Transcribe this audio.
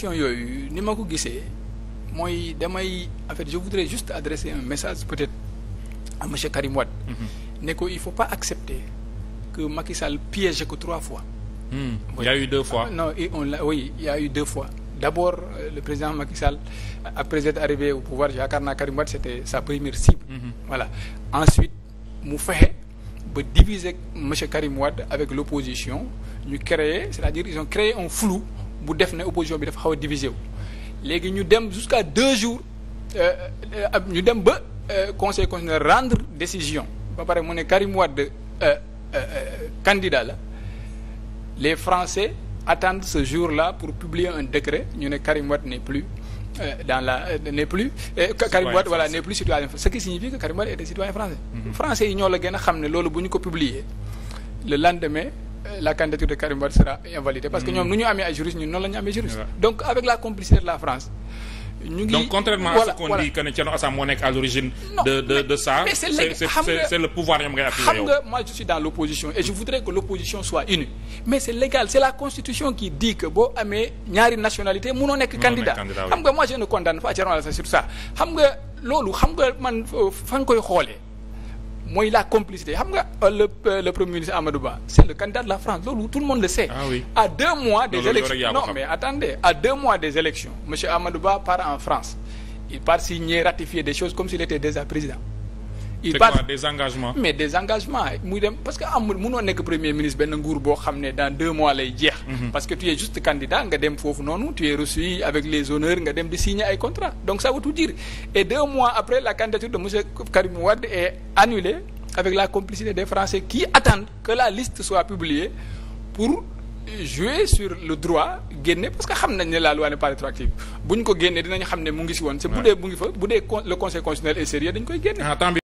relation yooyu ni ma ko gisee mooy damay en fait je voudrais juste adresser un message peut-être à monsieur Karim Wade. Mm-hmm. ne ko il faut pas accepter que Macky Sall piège trois fois. Mmh. y a eu deux fois. Ah, non, et D'abord, euh, le président Macky Sall, après être arrivé au pouvoir, yaakaar naa Karim Wade c'était sa première cible. Mm-hmm. Voilà. Ensuite, mu fexe ba diviser monsieur Karim Wade avec l'opposition, ñu créer, c'est-à-dire ils ont créé un flou. bu def na opposition bi dafa xaw a divisé wu. léegi ñu dem jusqu'à deux jours euh, euh, ñu dem ba euh, conseil constitutionnel rendre décision ba pare mu ne Karim Wade candidat la les Français attendent ce jour la pour publier un décret ñu ne Karim Wade plus dans la n'est plus Karim Wade voilà n'est plus citoyen français mm-hmm. français yi ñoo la gën a xam ne loolu bu ñu ko publier le lendemain la candidature de Karim Wade sera invalidée parce que mm. ñoom nu ñu amee ay juristes ñun noonu la ñu amee juristes donc avec la complicité de la France ñu ngi donc contrairement voilà, à ce qu'on voilà. dit que ne Thierno Assane moo nekk à l'origine de de mais, de ça c'est le pouvoir ñoom ngay appliquer yow xam nga moi je suis dans l'opposition et je voudrais que l'opposition soit unie mais c'est légal c'est la constitution qui dit que boo amee ñaari nationalité munoo nekk candidat xam nga moi je ne condamne pas Thierno Assane sur ça xam nga loolu xam nga man euh, fa nga koy xoolee mooy la complicité xam nga euh, le euh, le premier ministre Amadou c'est le candidat de la France loolu tout le monde le sait. Ah à deux mois des élections non mais attendez à deux mois des élections monsieur Amadou Ba part en France il part signer ratifier des choses comme s'il était déjà président. il bat des mais des engagements muy dem parce que amul munoo nekk premier ministre benn nguur boo xam ne dans deux mois lay jeex mhm. parce que tu es juste candidat nga dem foofu noonu tu es reçu avec les honneurs nga dem di signer ay contrat donc ça veut tout dire et deux mois après la candidature de monsieur Karim est annulée avec la complicité des Français qui attendent que la liste soit publiée pour jouer sur le droit génne parce que xam